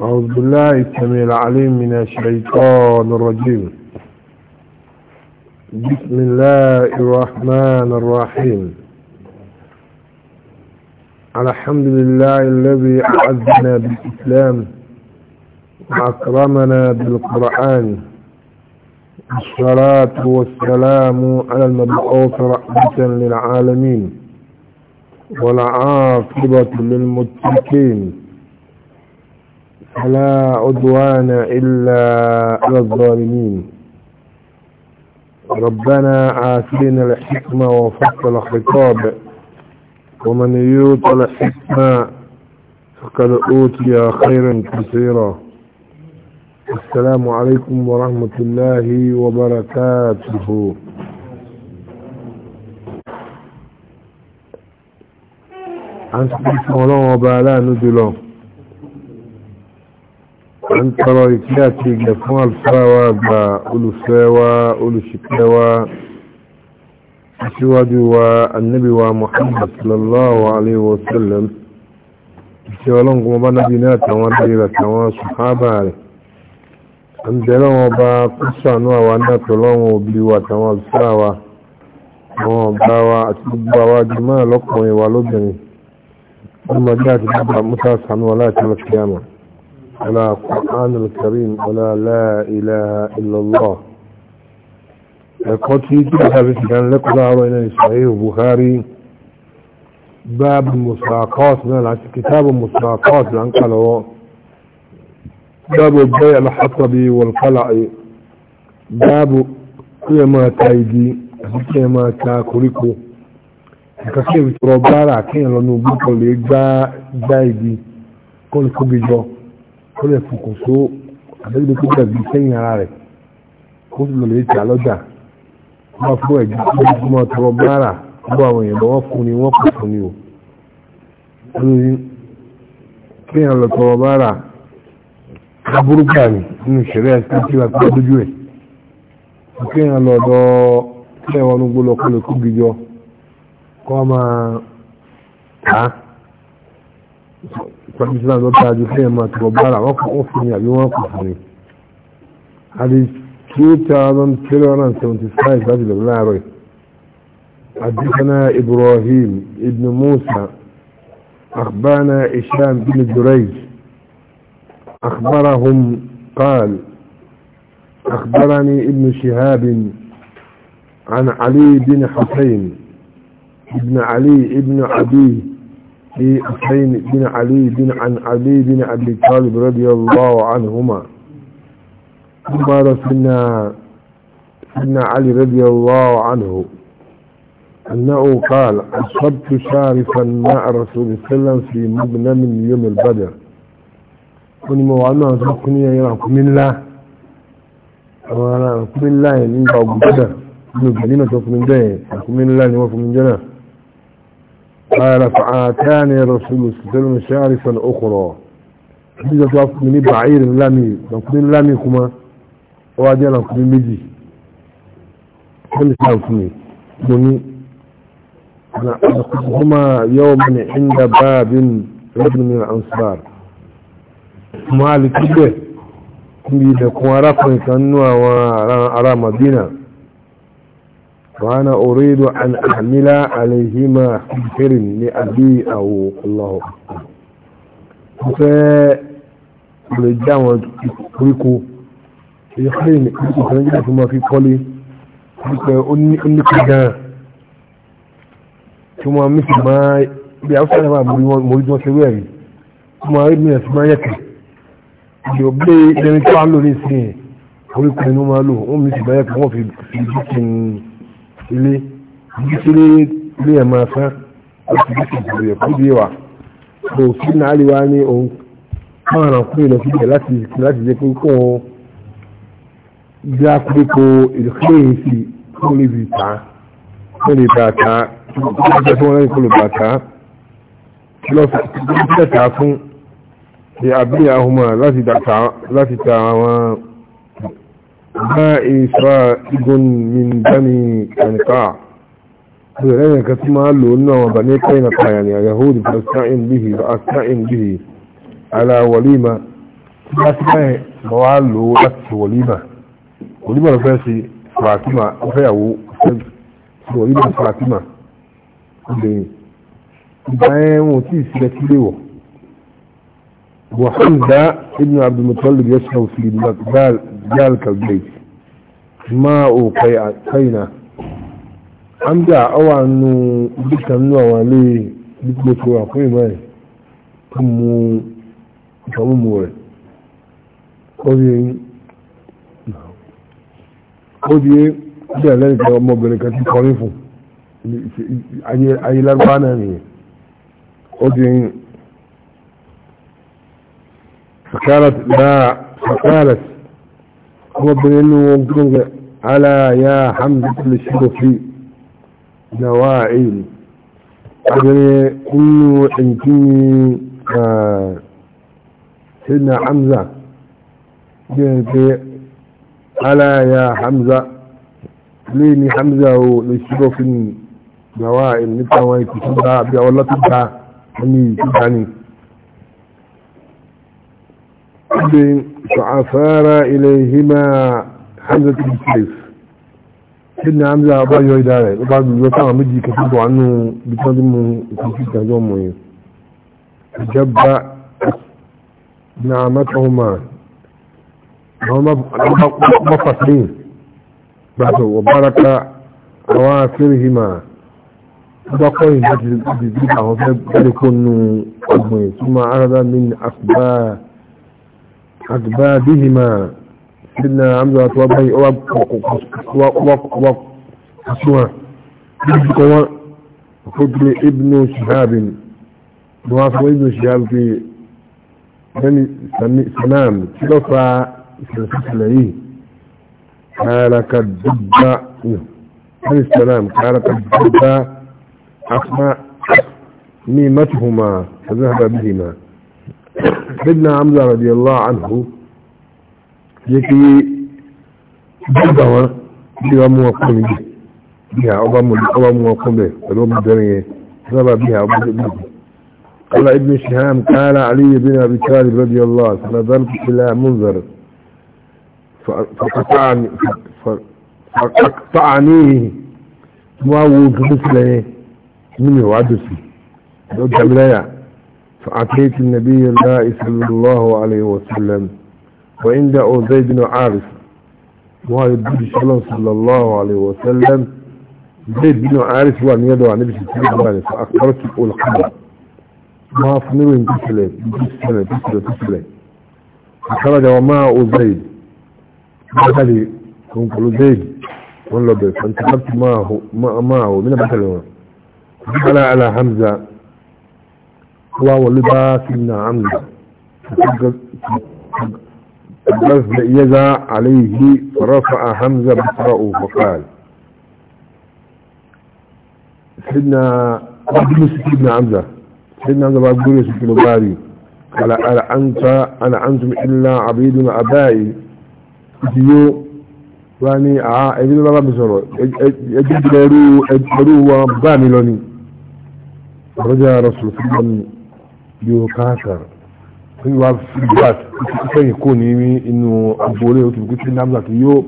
أعوذ بالله السميع العليم من الشيطان الرجيم بسم الله الرحمن الرحيم الحمد لله الذي أعزنا بالإسلام وأكرمنا بالقرآن الصلاة والسلام على المبعوث رحمة للعالمين والعاقبة للمتقين فلا عدوان إلا على الظالمين ربنا آتينا الحكمة وفصل الخطاب ومن يوت الحكمة فقد أوتي خيرا كثيرا السلام عليكم ورحمة الله وبركاته عن سبيل الله وبالا نجله an tsaro ikiya ce ga kuma alfarawa ga ulusewa ulushikewa síwájú wa annabi wa muhammad sallallahu alaihi wasallam ṣe ọlọ́nkún ọba nábi ní àtàwọn lẹ́yìn àtàwọn ṣùhábà rẹ̀ ń bẹ̀rẹ̀ wọn bá kúsànú àwa náà tọ́lọ́wọ́n òbí wa àtàwọn àbúsára wa àwọn ọ̀gá wa àti gbogbo àwa jùmọ́ ọlọ́kùnrin wa lóbìnrin ọmọdé àti bàbá musa sanu aláìsàn kíyàmà على قرآن الكريم ولا لا إله إلا الله قطي كتابت كان لك ظهر إلى صحيح بخاري باب المساقات من كتاب المساقات لأن قالوا باب البيع الحطبي والقلع باب قيمة تايدي قيمة تاكوريكو kàkàkì ìrọ̀bára kí ẹ̀lọ́nà ògbúkọ̀ lè gbá ìgbá ìdí kọ́nìkọ́bíjọ́ ó lè fòkò tó àdéhùn tó gbà bíi sẹ́yìn ara rẹ̀ ó sì lòlẹ́ ti àlọ́jà ó bá fún ẹ̀jú tó ń gbọ́n tọrọ báárà ó bá àwọn èèyàn lọ́wọ́ fún ni wọ́n kò fún ni o lórí kéèyàn lọ tọrọ báárà burúkú àmì nínú ìṣẹ̀lẹ̀ ẹ̀sìn tí wà tó dójú ẹ̀ kéèyàn lọ dọ́ kílẹ̀ wọn gbó lọ kó lè kú gíjọ kó máa ta فجلان دوتا دي فيما تو بارا وقف اوفين يا يوان قحاني علي كيتا دون تيرون 75 بعد الله روي حدثنا ابراهيم ابن موسى اخبرنا هشام بن جريج اخبرهم قال اخبرني ابن شهاب عن علي بن حسين ابن علي ابن ابيه في حسين بن علي بن عن علي بن أبي طالب رضي الله عنهما ثم رسلنا سيدنا علي رضي الله عنه أنه قال أصبت شارفا مع الرسول صلى الله عليه وسلم في مبنى من يوم البدر wọ́n mọ̀ wà náà tó kún ní ẹ̀yẹ́ra kúmí ńlá àwọn ará kúmí ńlá ẹ̀ من ọgbọ̀gbọ̀dà من ìgbà nínú tó kúmí jẹ́ ẹ̀ kúmí ńlá ni قال فعاتاني رسول الله عليه وسلم شارفا أخرى حديثة توقف مني بعير لامي نقولين لامي كما وادي أنا نقولين مجي كل شارفني مني أنا أخذهما يوما عند باب رجل من الأنصار مالك به كم يدكوا رفن كأنه وراء مدينة وأنا أريد أن أحمل عليهما حجر لأبي أو الله فلجاوة كريكو يخلين كريكو كريكو ثم في قولي أني كجان ثم مثل ما بيعوث أنا ما مريد وشويري ثم أريد من أسماء يكي يبلي لأني تعلو لي سنين كريكو إنه مالو أمي سبايك هو في جسم ilé ìdíkílé ilé ẹ̀ máa fẹ́ láti bí kìí rẹ̀ kú díẹ̀ wà kò sí náà lè wá ní òun káwọn àwọn kúrò lọ sí ibẹ̀ láti jẹ́ pé kó wọn a kúrò kó ìdíkílé yìí sí kó lè bì tá kó lè bà tá kó lè bẹ̀ tí wọ́n lẹ́yìn kó lè bà tá kí lọ́ sí kí lọ́ sí ẹ̀ta fún ṣe àbí àhùmọ̀ láti ta àwọn. باء سائق من بني قنقاع لأن كتما لنا وبني قنقاع يعني يهود فاستعن به فاستعن به على وليمة فاستعن وعلو لك وليمة وليمة رفاسي فاطمة فيهو وليمة فاطمة ìbáyẹ̀ wọn tí ìsìlẹ̀ sílé wọ̀ وحمزة ابن عبد المطلب يسهو في ذلك البيت ماء قينا حمزة أو أنه بيت أنه وليه بيت مطلع قيمة كم كم موي قضي قضي قضي ذلك ọmọbìnrin kan tí kọrin fún ayé lárúbá náà nìyẹn ó فقالت لا فقالت هو بنينه على يا حمد الشرفي نواعين أدري إنه إنتي آه سيدنا حمزة على يا حمزة ليني حمزة للشرف نواعين نتوى كتبها بأولا تبها أني تبهني فأثار إليهما حمزة بن سيف سيدنا حمزة أبا يويدار وبعد الوطن مجي كتب عنه بتنظم كنتيك هجوم مهم جب نعمتهما هما مفصلين بعد وبارك أواخرهما بقوي بجد بجد بجد بجد بجد بجد بجد بجد بجد أدبا بهما بنا عمزة وابهي أواب وقوق حسوا بذكوا فضل ابن شهاب نواصل ابن شهاب في بني سنام سلفا سلفت عليه كالك الدبا بني سلام كالك الدبا أسماء ميمتهما فذهب بهما سيدنا حمزة رضي الله عنه يكي جدوة بها موقعين بها أبا موقعين به فلو مدرية سبب بها أبا موقعين قال ابن شهام قال علي بن أبي طالب رضي الله عنه فنظرت إلى منذر فقطعني فقطعنيه ما وجدت له منه وعدسي لو جمليه فأتيت النبي الله صلى الله عليه وسلم وعند أوزيد بن عارف والد بن صلى الله عليه وسلم زيد بن عارف وأن يدعو عن نبي صلى الله عليه وسلم فأخبرت الخبر ما تسلين بجيس سنة تسلين تسلين فخرج وما أوزيد هذه كنقل زيد والله فانتخبت معه معه من بحلوه فقال على حمزه الله ولباس من عمله فقذف يدا عليه فرفع حمزة بصره فقال سيدنا أبلس سيدنا حمزة سيدنا حمزة أبلس سيدنا باري قال ألا أنت ألا أنتم إلا عبيدنا أبائي يو واني آه إبن الله بصره أجد لرو أجد لرو وبامي لني رجع رسول الله bí o káàkiri wọ́n wá feedback ìfẹ́ yìí kò ní inú agboolé o ti gbé sí namzat yóò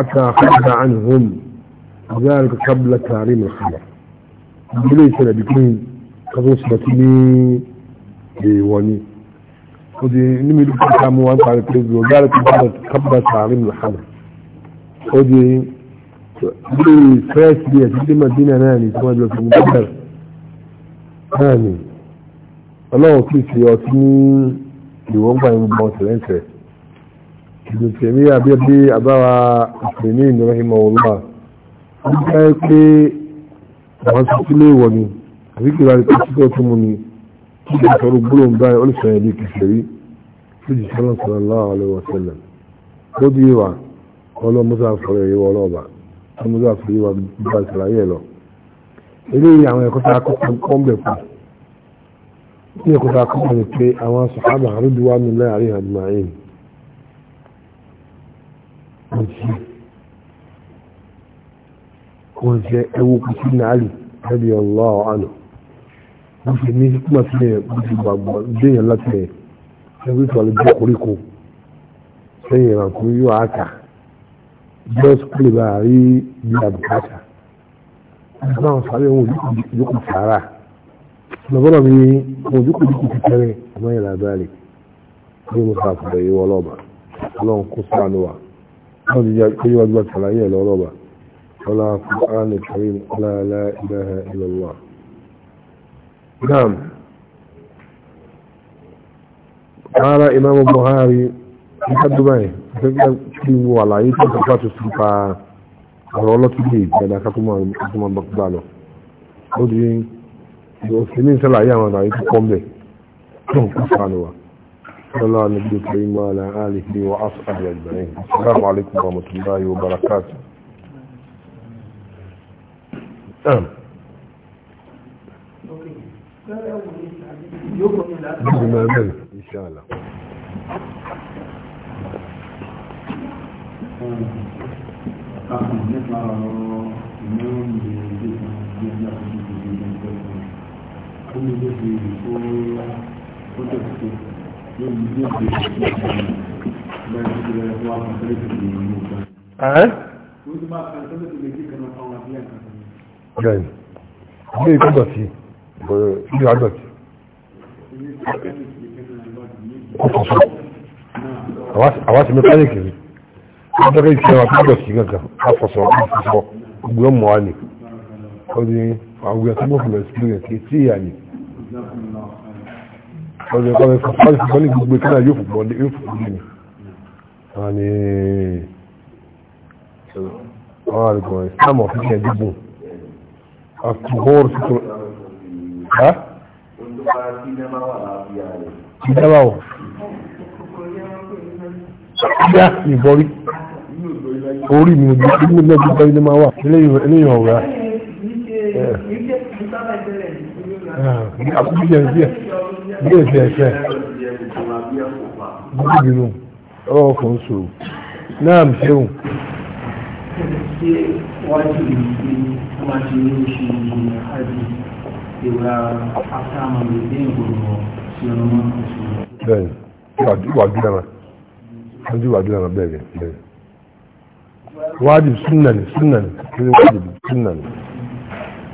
ata fada an hum ذلك قبل تعليم الخبر ilé ìṣẹ̀lẹ̀ bí kí kásán sọ tí ní èèwọ̀ ni ó di níbi ìlú kíkà mú wọn parí pé bí ọgá rẹ̀ kábà تعليم الخبر ó di ilé ìfẹ́ sí ẹ̀sìn tí màdínà náà ní tí wọ́n jọ fún un bẹ́ẹ̀ náà ni ọlọ́run sì ṣe ọtí ní ìwọ̀n gbà ń gbọ́ tẹ̀lẹ́tẹ̀ ìgbésẹ̀ ní abẹ́bí abára ìpè ní ìnáwó ìmọ̀ òwúrọ̀ wọ́n jẹ́ pé àwọn tó sílé ìwọ̀ ni àbí kí ìlànà ìpèsè tó mú ni kí ìgbà sọ̀rọ̀ gbólóhùn báyìí ó lè sọ̀rọ̀ ìdí kìsẹ̀ rí tó jù sọ́nà sọ̀rọ̀ láwọn ọlọ́wọ́ sẹ́lẹ̀ ó di ìwà ọlọ́ musa sọ̀rọ̀ ìwọ ọlọ́ọ̀bà tó musa sọ̀rọ̀ ìwà gbígbà sàlàyé lọ eléyìí àwọn ẹ̀kọ́ tá a kọ́ ní ẹ̀kọ́ta kọ́kọ́ ni pé àwọn sàhábà àrídùwà mi náà àríhà màáyìn wọ́n ti wọ́n ti ẹwọ́ kùsù nàárì ẹ̀bí ọlọ́ọ̀ àná wọ́n ti ní kíkúmà sílẹ̀ wọ́n ti gbàgbọ́ déyàn láti ẹ̀ ẹgbẹ́ ìfọ̀lẹ́ jẹ́ koríko sẹ́yìn ìrànkúrú yóò áka jọ́s kúlẹ̀ bá rí bí àbùkátà wọ́n ti bá sáré wọn yókù sàárà lọ́gbọ́dọ̀ mi mojúkúdùkú ti tẹ́rẹ̀ àmọ́ ìlà bẹ́ẹ̀lì ní mo sàkó bẹ̀ yíwọ́ lọ́ba ọlọ́run kó sànù wa wọ́n ti jẹ́ pé yíwọ́ gbà tàlàyé ẹ̀ lọ́ba ọlá kùránì karim ọlá ilá ilẹ̀ wa. naam ara imam buhari ní kádùmáì gẹ́gẹ́ bí mo wà láyé tó kọ́ tó sì pa ọ̀rọ̀ ọlọ́tún lè gbẹ̀dá òsínì sálàyé àwọn àlàyé tó kọ́ńbẹ̀ tó ń kú sànù wa sọlá níbi karim ala alihi wa ashabi ajma'in assalamu alaikum wa rahmatullahi wa barakatuh بما ذلك إن شاء الله Thank you ó ní ilé ìbéèrè tó ó tẹ̀ sí ní ilé ìbéèrè tó ó bá tó lọ́yẹ̀ tó wà fún tó lè mú un bá. ó ti máa kan tẹ́lẹ̀ tó lè dí kan náà wọn bí ẹ̀ka. ọ̀gá yìí ilé ìkọ́ dọ̀tí ilé ìwà dọ̀tí. kò tó sọ àwa mẹkáníìkì rí ọjọ́ ìṣẹ́ wa tó dọ̀tí gangan láfọ̀sọ̀ láfọ̀sọ̀ gbogbo ọmọ wa ni ní àwọn ìgbà tó gbọ́ fún mi experience kì í sí ìyá yìí ọjọ́ ìpàdé fàfàlì fàfàlì gbogbo kí náà yóò fòpọ̀ ní yóò fòpọ̀ ní àní àwọn àrùkọ islam ọ̀fíìsì ẹ̀dígbò àtúhóòrò títò ha ìjábá ọ̀ ìjá ìbọrí orí mi ò gbé ní ọjọ́ ìpàdé máa wà eléyìí ọ̀rá àkókò ah, díẹ̀ díẹ̀ díẹ̀ díẹ̀ díẹ̀ gbogbo bínú ọ̀rọ̀ kan sòrò náà mi ṣeun. ṣé wọ́n ti rí i pé wọ́n máa ṣe ní oṣù ìrìn àjò ìwà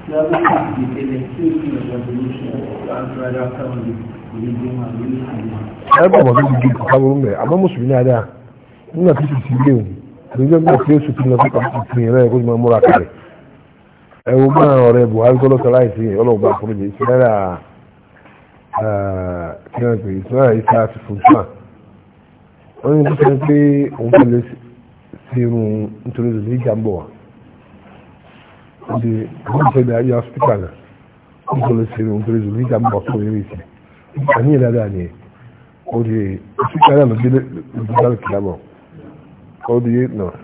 Islam is an extension of revolution and rather family, religion and religion. Ẹ bọ̀ bọ̀ lórí o ìkọ̀káwọ́ ń bẹ̀, àmọ́ Mùsùlùmí náà dáa, nígbà tí kìí ti ilé òun, àdúgbò náà fi oṣù tìǹbà fún kàmú tìǹbà yẹn náà kó ti máa múra kalẹ̀. Ẹ wo máa ọ̀rẹ́ Buhari kọ́ lọ́sọ̀ láìsí ọlọ́ọ̀gbà àforíjì ìsinárà kíláàpì ìsinárà ìsá ti fún fún à. Wọ́n ní kí sọ pé òun fẹ́ lè ṣe irun nítorí ìdíjà ń bọ̀ wá de você sọ de hospital na wọn sọ lọ sí ní nítorí zulu nígbà mọ ọkọ yẹn nìyí àní yẹn o de hospital náà lọ dé lọ dé lọ kìlá